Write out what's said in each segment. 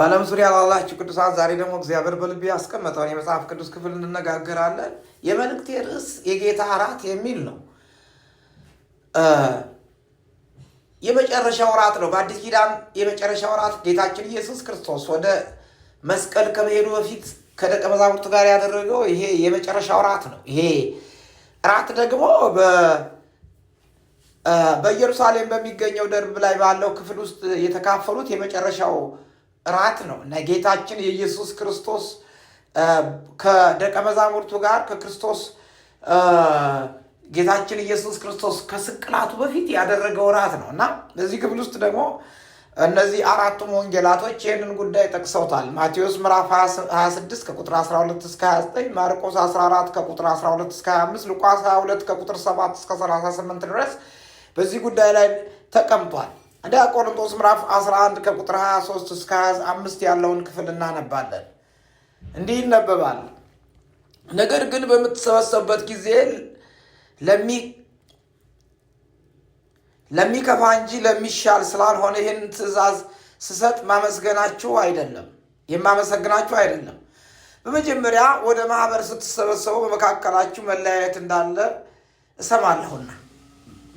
በዓለም ዙሪያ ላላችሁ ቅዱሳን ዛሬ ደግሞ እግዚአብሔር በልብ ያስቀመጠውን የመጽሐፍ ቅዱስ ክፍል እንነጋገራለን። የመልእክቴ ርዕስ የጌታ እራት የሚል ነው። የመጨረሻው እራት ነው። በአዲስ ኪዳን የመጨረሻው እራት ጌታችን ኢየሱስ ክርስቶስ ወደ መስቀል ከመሄዱ በፊት ከደቀ መዛሙርቱ ጋር ያደረገው ይሄ የመጨረሻው እራት ነው። ይሄ እራት ደግሞ በኢየሩሳሌም በሚገኘው ደርብ ላይ ባለው ክፍል ውስጥ የተካፈሉት የመጨረሻው ራት ነው እና ጌታችን የኢየሱስ ክርስቶስ ከደቀ መዛሙርቱ ጋር ከክርስቶስ ጌታችን ኢየሱስ ክርስቶስ ከስቅላቱ በፊት ያደረገው ራት ነው እና በዚህ ክፍል ውስጥ ደግሞ እነዚህ አራቱም ወንጌላቶች ይህንን ጉዳይ ጠቅሰውታል። ማቴዎስ ምዕራፍ 26 ከቁጥር 12 እስከ 29፣ ማርቆስ 14 ከቁጥር 12 እስከ 25፣ ሉቃስ 22 ከቁጥር 7 እስከ 38 ድረስ በዚህ ጉዳይ ላይ ተቀምጧል። እንደ ቆሮንቶስ ምዕራፍ 11 ከቁጥር 23 እስከ 25 ያለውን ክፍል እናነባለን። እንዲህ ይነበባል። ነገር ግን በምትሰበሰብበት ጊዜ ለሚከፋ እንጂ ለሚሻል ስላልሆነ ይህን ትእዛዝ ስሰጥ ማመስገናችሁ አይደለም የማመሰግናችሁ አይደለም። በመጀመሪያ ወደ ማህበር ስትሰበሰቡ በመካከላችሁ መለያየት እንዳለ እሰማለሁና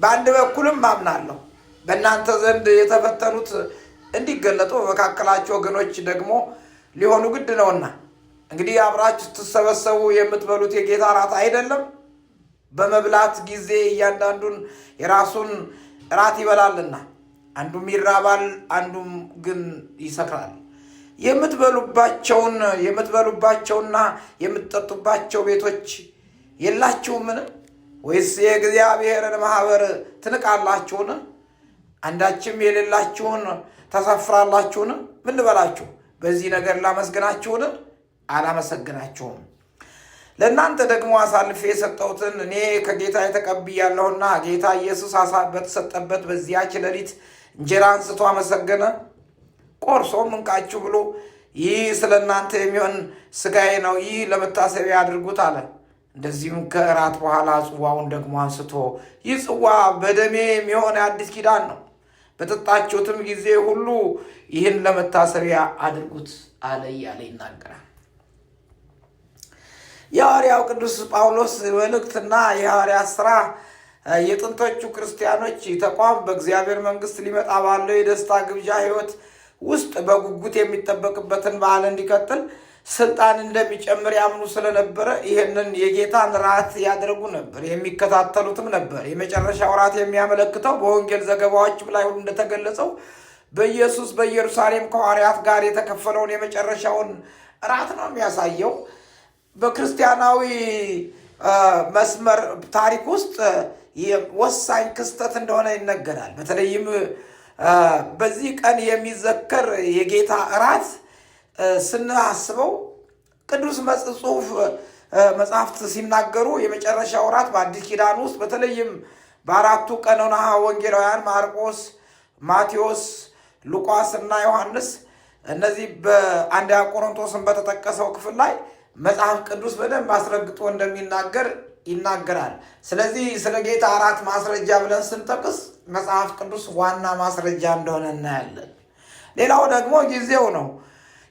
በአንድ በኩልም አምናለሁ በእናንተ ዘንድ የተፈተኑት እንዲገለጡ በመካከላቸው ወገኖች ደግሞ ሊሆኑ ግድ ነውና እንግዲህ አብራችሁ ስትሰበሰቡ የምትበሉት የጌታ ራት አይደለም? በመብላት ጊዜ እያንዳንዱን የራሱን ራት ይበላልና አንዱም ይራባል፣ አንዱም ግን ይሰክራል። የምትበሉባቸውን የምትበሉባቸውና የምትጠጡባቸው ቤቶች የላችሁምን? ወይስ የእግዚአብሔርን ማህበር ትንቃላችሁን? አንዳችም የሌላችሁን ተሰፍራላችሁን? ምን ልበላችሁ? በዚህ ነገር ላመስግናችሁን? አላመሰግናችሁም። ለእናንተ ደግሞ አሳልፌ የሰጠሁትን እኔ ከጌታ ተቀብያለሁና ጌታ ኢየሱስ በተሰጠበት በዚያች ሌሊት እንጀራ አንስቶ አመሰገነ፣ ቆርሶም ምንቃችሁ ብሎ ይህ ስለ እናንተ የሚሆን ስጋዬ ነው፣ ይህ ለመታሰቢያ አድርጉት አለ። እንደዚሁም ከእራት በኋላ ጽዋውን ደግሞ አንስቶ ይህ ጽዋ በደሜ የሚሆን የአዲስ ኪዳን ነው በጠጣችሁትም ጊዜ ሁሉ ይህን ለመታሰቢያ አድርጉት አለ እያለ ይናገራል። የሐዋርያው ቅዱስ ጳውሎስ መልእክትና የሐዋርያ ስራ የጥንቶቹ ክርስቲያኖች ተቋም በእግዚአብሔር መንግስት ሊመጣ ባለው የደስታ ግብዣ ህይወት ውስጥ በጉጉት የሚጠበቅበትን በዓል እንዲቀጥል ስልጣን እንደሚጨምር ያምኑ ስለነበረ ይህንን የጌታን ራት ያደርጉ ነበር፣ የሚከታተሉትም ነበር። የመጨረሻው ራት የሚያመለክተው በወንጌል ዘገባዎች ላይ ሁሉ እንደተገለጸው በኢየሱስ በኢየሩሳሌም ከሐዋርያት ጋር የተከፈለውን የመጨረሻውን ራት ነው የሚያሳየው። በክርስቲያናዊ መስመር ታሪክ ውስጥ ወሳኝ ክስተት እንደሆነ ይነገራል። በተለይም በዚህ ቀን የሚዘከር የጌታ እራት ስናስበው ቅዱስ ጽሑፍ መጽሐፍት ሲናገሩ የመጨረሻ ወራት በአዲስ ኪዳን ውስጥ በተለይም በአራቱ ቀኖና ወንጌላውያን ማርቆስ፣ ማቴዎስ፣ ሉቃስ እና ዮሐንስ እነዚህ በአንደኛ ቆሮንቶስን በተጠቀሰው ክፍል ላይ መጽሐፍ ቅዱስ በደንብ አስረግጦ እንደሚናገር ይናገራል። ስለዚህ ስለ ጌታ አራት ማስረጃ ብለን ስንጠቅስ መጽሐፍ ቅዱስ ዋና ማስረጃ እንደሆነ እናያለን። ሌላው ደግሞ ጊዜው ነው።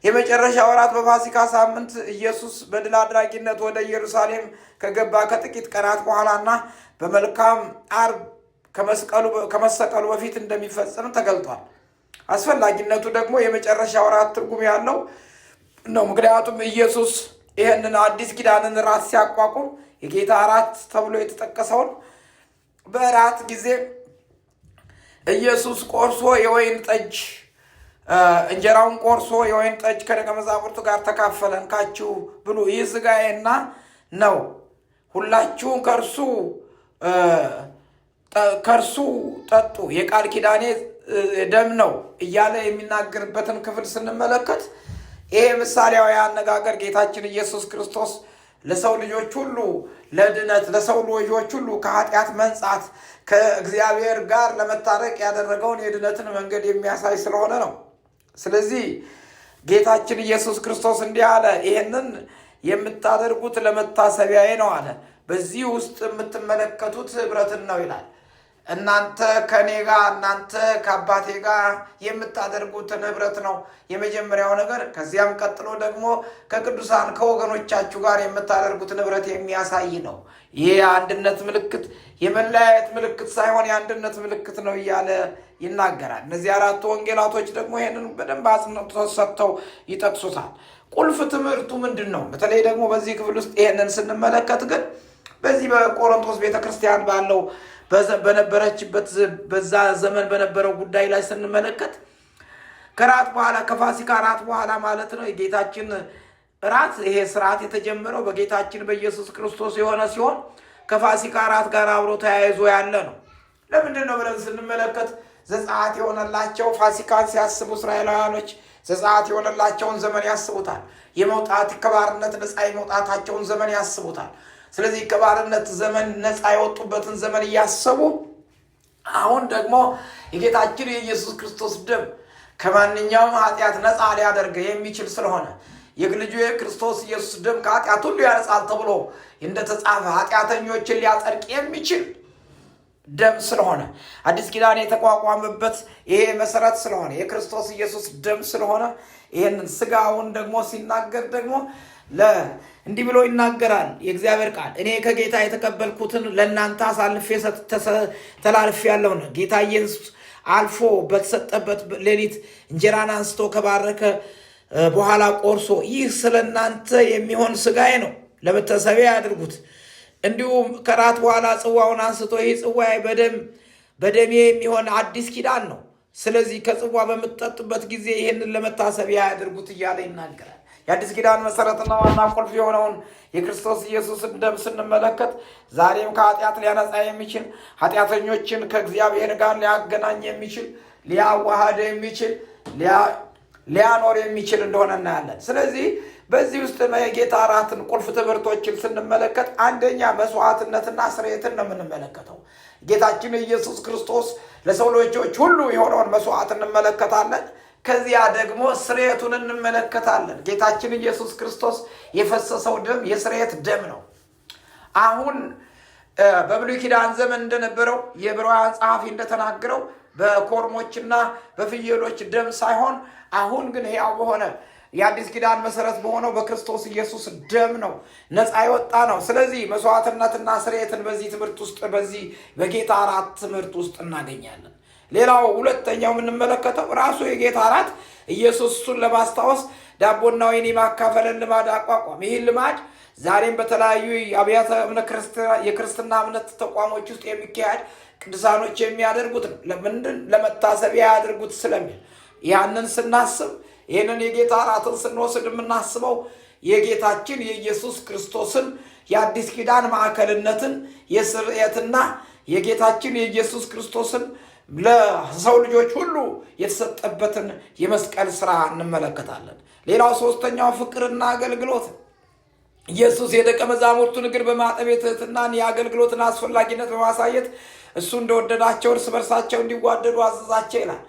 የመጨረሻ ወራት በፋሲካ ሳምንት ኢየሱስ በድል አድራጊነት ወደ ኢየሩሳሌም ከገባ ከጥቂት ቀናት በኋላና በመልካም አርብ ከመሰቀሉ በፊት እንደሚፈጸም ተገልጧል። አስፈላጊነቱ ደግሞ የመጨረሻ ወራት ትርጉም ያለው ነው። ምክንያቱም ኢየሱስ ይህንን አዲስ ኪዳንን ራት ሲያቋቁም የጌታ ራት ተብሎ የተጠቀሰውን በእራት ጊዜ ኢየሱስ ቆርሶ የወይን ጠጅ እንጀራውን ቆርሶ የወይን ጠጅ ከደቀ መዛሙርቱ ጋር ተካፈለን ካችሁ ብሉ፣ ይህ ሥጋዬና ነው። ሁላችሁም ከእርሱ ከእርሱ ጠጡ፣ የቃል ኪዳኔ ደም ነው እያለ የሚናገርበትን ክፍል ስንመለከት ይሄ ምሳሌያዊ አነጋገር ጌታችን ኢየሱስ ክርስቶስ ለሰው ልጆች ሁሉ ለድነት ለሰው ልጆች ሁሉ ከኃጢአት መንጻት ከእግዚአብሔር ጋር ለመታረቅ ያደረገውን የድነትን መንገድ የሚያሳይ ስለሆነ ነው። ስለዚህ ጌታችን ኢየሱስ ክርስቶስ እንዲህ አለ፣ ይህንን የምታደርጉት ለመታሰቢያዬ ነው አለ። በዚህ ውስጥ የምትመለከቱት ኅብረትን ነው ይላል። እናንተ ከእኔ ጋር እናንተ ከአባቴ ጋር የምታደርጉትን ኅብረት ነው የመጀመሪያው ነገር። ከዚያም ቀጥሎ ደግሞ ከቅዱሳን ከወገኖቻችሁ ጋር የምታደርጉትን ኅብረት የሚያሳይ ነው። ይህ የአንድነት ምልክት የመለያየት ምልክት ሳይሆን የአንድነት ምልክት ነው እያለ ይናገራል። እነዚህ አራቱ ወንጌላቶች ደግሞ ይህንን በደንብ አጽንኦት ሰጥተው ይጠቅሱታል። ቁልፍ ትምህርቱ ምንድን ነው? በተለይ ደግሞ በዚህ ክፍል ውስጥ ይህንን ስንመለከት ግን በዚህ በቆሮንቶስ ቤተክርስቲያን ባለው በነበረችበት በዛ ዘመን በነበረው ጉዳይ ላይ ስንመለከት ከራት በኋላ ከፋሲካ ራት በኋላ ማለት ነው የጌታችን ራት ይሄ ስርዓት የተጀመረው በጌታችን በኢየሱስ ክርስቶስ የሆነ ሲሆን ከፋሲካ ራት ጋር አብሮ ተያይዞ ያለ ነው። ለምንድን ነው ብለን ስንመለከት ዘጸአት የሆነላቸው ፋሲካን ሲያስቡ እስራኤላውያኖች ዘጸአት የሆነላቸውን ዘመን ያስቡታል። የመውጣት ከባርነት ነፃ የመውጣታቸውን ዘመን ያስቡታል። ስለዚህ ከባርነት ዘመን ነፃ የወጡበትን ዘመን እያሰቡ አሁን ደግሞ የጌታችን የኢየሱስ ክርስቶስ ደም ከማንኛውም ኃጢአት ነፃ ሊያደርግ የሚችል ስለሆነ የግልጁ የክርስቶስ ኢየሱስ ደም ከኃጢአት ሁሉ ያነጻል ተብሎ እንደተጻፈ ኃጢአተኞችን ሊያጸድቅ የሚችል ደም ስለሆነ አዲስ ኪዳን የተቋቋመበት ይሄ መሰረት ስለሆነ የክርስቶስ ኢየሱስ ደም ስለሆነ ይህንን ስጋውን ደግሞ ሲናገር ደግሞ እንዲህ ብሎ ይናገራል የእግዚአብሔር ቃል። እኔ ከጌታ የተቀበልኩትን ለእናንተ አሳልፌ ተላልፌ ያለሁና ጌታ ኢየሱስ አልፎ በተሰጠበት ሌሊት እንጀራን አንስቶ ከባረከ በኋላ ቆርሶ ይህ ስለ እናንተ የሚሆን ስጋዬ ነው፣ ለመታሰቢያ ያድርጉት እንዲሁም ከራት በኋላ ጽዋውን አንስቶ ይህ ጽዋ በደም በደሜ የሚሆን አዲስ ኪዳን ነው፣ ስለዚህ ከጽዋ በምትጠጡበት ጊዜ ይህንን ለመታሰቢያ ያድርጉት እያለ ይናገራል። የአዲስ ኪዳን መሰረትና ዋና ቁልፍ የሆነውን የክርስቶስ ኢየሱስን ደም ስንመለከት ዛሬም ከኃጢአት ሊያነጻ የሚችል ኃጢአተኞችን ከእግዚአብሔር ጋር ሊያገናኝ የሚችል ሊያዋሃደ የሚችል ሊያኖር የሚችል እንደሆነ እናያለን። ስለዚህ በዚህ ውስጥ የጌታ አራትን ቁልፍ ትምህርቶችን ስንመለከት አንደኛ መስዋዕትነትና ስርየትን ነው የምንመለከተው። ጌታችን ኢየሱስ ክርስቶስ ለሰው ልጆች ሁሉ የሆነውን መስዋዕት እንመለከታለን። ከዚያ ደግሞ ስርየቱን እንመለከታለን። ጌታችን ኢየሱስ ክርስቶስ የፈሰሰው ደም የስርየት ደም ነው። አሁን በብሉይ ኪዳን ዘመን እንደነበረው የብራውያን ጸሐፊ እንደተናገረው በኮርሞችና በፍየሎች ደም ሳይሆን አሁን ግን ያው በሆነ የአዲስ ኪዳን መሰረት በሆነው በክርስቶስ ኢየሱስ ደም ነው ነፃ የወጣ ነው። ስለዚህ መስዋዕትነትና ስርየትን በዚህ ትምህርት ውስጥ በዚህ በጌታ አራት ትምህርት ውስጥ እናገኛለን። ሌላው ሁለተኛው የምንመለከተው ራሱ የጌታ አራት ኢየሱስ እሱን ለማስታወስ ዳቦና ወይን የማካፈልን ልማድ አቋቋም። ይህን ልማድ ዛሬም በተለያዩ አብያተ የክርስትና እምነት ተቋሞች ውስጥ የሚካሄድ ቅዱሳኖች የሚያደርጉት ነው። ለምንድን ለመታሰቢያ ያደርጉት ስለሚል ያንን ስናስብ ይህንን የጌታ እራትን ስንወስድ የምናስበው የጌታችን የኢየሱስ ክርስቶስን የአዲስ ኪዳን ማዕከልነትን የስርየትና የጌታችን የኢየሱስ ክርስቶስን ለሰው ልጆች ሁሉ የተሰጠበትን የመስቀል ስራ እንመለከታለን። ሌላው ሶስተኛው ፍቅርና አገልግሎት ኢየሱስ የደቀ መዛሙርቱን እግር በማጠብ የትህትናን የአገልግሎትን አስፈላጊነት በማሳየት እሱ እንደወደዳቸው እርስ በርሳቸው እንዲዋደዱ አዘዛቸው ይላል።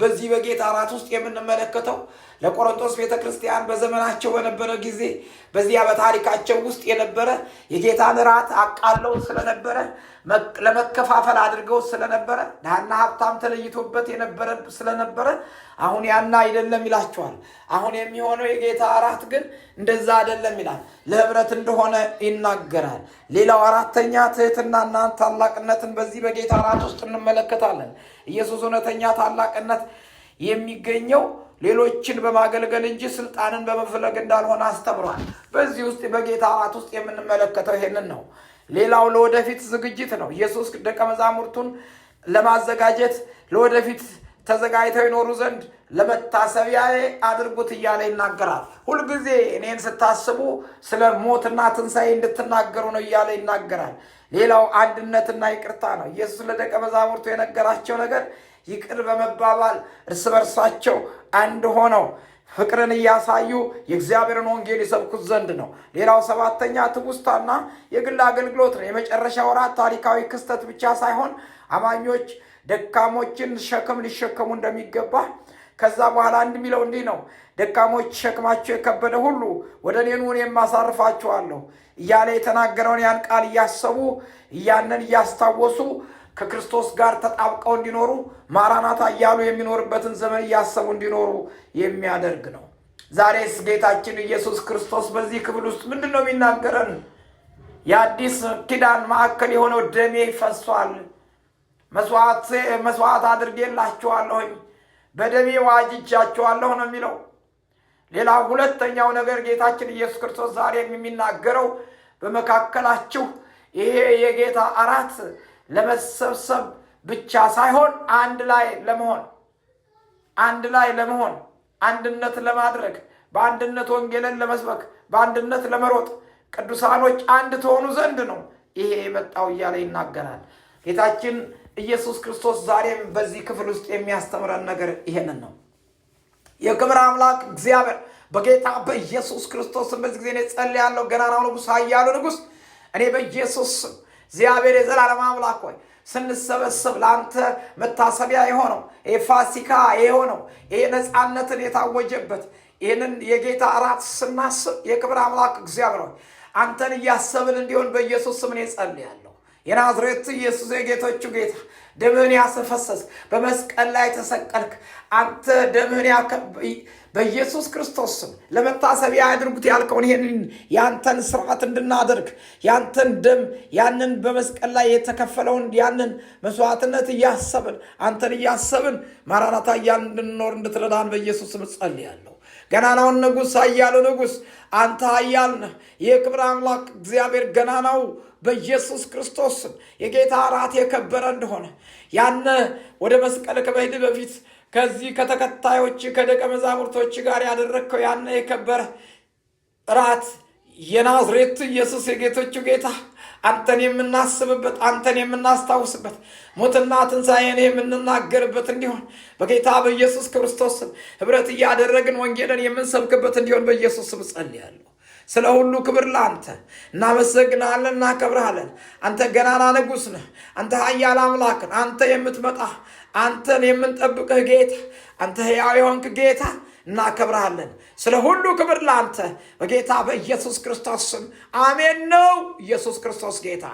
በዚህ በጌታ እራት ውስጥ የምንመለከተው ለቆሮንቶስ ቤተ ክርስቲያን በዘመናቸው በነበረ ጊዜ በዚያ በታሪካቸው ውስጥ የነበረ የጌታን ራት አቃለው ስለነበረ ለመከፋፈል አድርገው ስለነበረ ድሃና ሀብታም ተለይቶበት የነበረ ስለነበረ አሁን ያና አይደለም ይላቸዋል። አሁን የሚሆነው የጌታ ራት ግን እንደዛ አይደለም ይላል። ለህብረት እንደሆነ ይናገራል። ሌላው አራተኛ ትህትናና ታላቅነትን በዚህ በጌታ እራት ውስጥ እንመለከታለን። ኢየሱስ እውነተኛ ታላቅነት የሚገኘው ሌሎችን በማገልገል እንጂ ስልጣንን በመፍለግ እንዳልሆነ አስተምሯል። በዚህ ውስጥ በጌታ እራት ውስጥ የምንመለከተው ይሄንን ነው። ሌላው ለወደፊት ዝግጅት ነው። ኢየሱስ ደቀ መዛሙርቱን ለማዘጋጀት ለወደፊት ተዘጋጅተው ይኖሩ ዘንድ ለመታሰቢያ አድርጉት እያለ ይናገራል። ሁልጊዜ እኔን ስታስቡ ስለ ሞትና ትንሣኤ እንድትናገሩ ነው እያለ ይናገራል። ሌላው አንድነትና ይቅርታ ነው። ኢየሱስ ለደቀ መዛሙርቱ የነገራቸው ነገር ይቅር በመባባል እርስ በርሳቸው አንድ ሆነው ፍቅርን እያሳዩ የእግዚአብሔርን ወንጌል የሰብኩት ዘንድ ነው። ሌላው ሰባተኛ ትውስታና የግል አገልግሎት ነው። የመጨረሻ ወራት ታሪካዊ ክስተት ብቻ ሳይሆን አማኞች ደካሞችን ሸክም ሊሸከሙ እንደሚገባ ከዛ በኋላ አንድ የሚለው እንዲህ ነው፣ ደካሞች ሸክማቸው የከበደ ሁሉ ወደ እኔ ኑ እኔም አሳርፋችኋለሁ እያለ የተናገረውን ያን ቃል እያሰቡ እያንን እያስታወሱ ከክርስቶስ ጋር ተጣብቀው እንዲኖሩ ማራናታ እያሉ የሚኖርበትን ዘመን እያሰቡ እንዲኖሩ የሚያደርግ ነው። ዛሬስ ጌታችን ኢየሱስ ክርስቶስ በዚህ ክፍል ውስጥ ምንድን ነው የሚናገረን? የአዲስ ኪዳን ማዕከል የሆነው ደሜ ፈሷል፣ መስዋዕት አድርጌላችኋለሁኝ፣ በደሜ ዋጅጃችኋለሁ ነው የሚለው። ሌላ ሁለተኛው ነገር ጌታችን ኢየሱስ ክርስቶስ ዛሬም የሚናገረው በመካከላችሁ ይሄ የጌታ አራት? ለመሰብሰብ ብቻ ሳይሆን አንድ ላይ ለመሆን አንድ ላይ ለመሆን አንድነት ለማድረግ በአንድነት ወንጌልን ለመስበክ በአንድነት ለመሮጥ ቅዱሳኖች አንድ ተሆኑ ዘንድ ነው ይሄ የመጣው እያለ ይናገራል። ጌታችን ኢየሱስ ክርስቶስ ዛሬም በዚህ ክፍል ውስጥ የሚያስተምረን ነገር ይሄንን ነው። የክብር አምላክ እግዚአብሔር በጌታ በኢየሱስ ክርስቶስ በዚህ ጊዜ እኔ ጸልያለሁ። ገናናው ንጉሥ፣ ኃያሉ ንጉሥ እኔ በኢየሱስ እግዚአብሔር የዘላለም አምላክ ሆይ ስንሰበሰብ ለአንተ መታሰቢያ የሆነው ይሄ ፋሲካ የሆነው ይሄ ነፃነትን የታወጀበት ይህንን የጌታ እራት ስናስብ የክብር አምላክ እግዚአብሔር ሆይ አንተን እያሰብን እንዲሆን በኢየሱስ ስምን እኔ ጸልያለሁ። የናዝሬት ኢየሱስ የጌቶቹ ጌታ ደምህን ያስፈሰስ በመስቀል ላይ ተሰቀልክ። አንተ ደምህን በኢየሱስ ክርስቶስ ስም ለመታሰቢያ ያድርጉት ያልከውን ይህንን ያንተን ስርዓት እንድናደርግ ያንተን ደም ያንን በመስቀል ላይ የተከፈለውን ያንን መስዋዕትነት እያሰብን አንተን እያሰብን ማራናታ እያልን እንድንኖር እንድትረዳን በኢየሱስ ስም ጸልያለሁ። ገናናውን ንጉሥ፣ ኃያሉ ንጉሥ አንተ ኃያል ነህ። የክብር አምላክ እግዚአብሔር ገናናው በኢየሱስ ክርስቶስ የጌታ እራት የከበረ እንደሆነ ያነ ወደ መስቀል ከመሄድ በፊት ከዚህ ከተከታዮች ከደቀ መዛሙርቶች ጋር ያደረግከው ያነ የከበረ እራት የናዝሬቱ ኢየሱስ የጌቶቹ ጌታ አንተን የምናስብበት አንተን የምናስታውስበት ሞትና ትንሣኤን የምንናገርበት እንዲሆን በጌታ በኢየሱስ ክርስቶስ ኅብረት እያደረግን ወንጌልን የምንሰብክበት እንዲሆን በኢየሱስ ስም ጸልያለሁ። ስለ ሁሉ ክብር ለአንተ እናመሰግናለን፣ እናከብርሃለን። አንተ ገናና ንጉሥ ነህ። አንተ ኃያል አምላክን አንተ የምትመጣ አንተን የምንጠብቅህ ጌታ አንተ ሕያው የሆንክ ጌታ እናከብርሃለን። ስለ ሁሉ ክብር ለአንተ በጌታ በኢየሱስ ክርስቶስ ስም አሜን። ነው ኢየሱስ ክርስቶስ ጌታ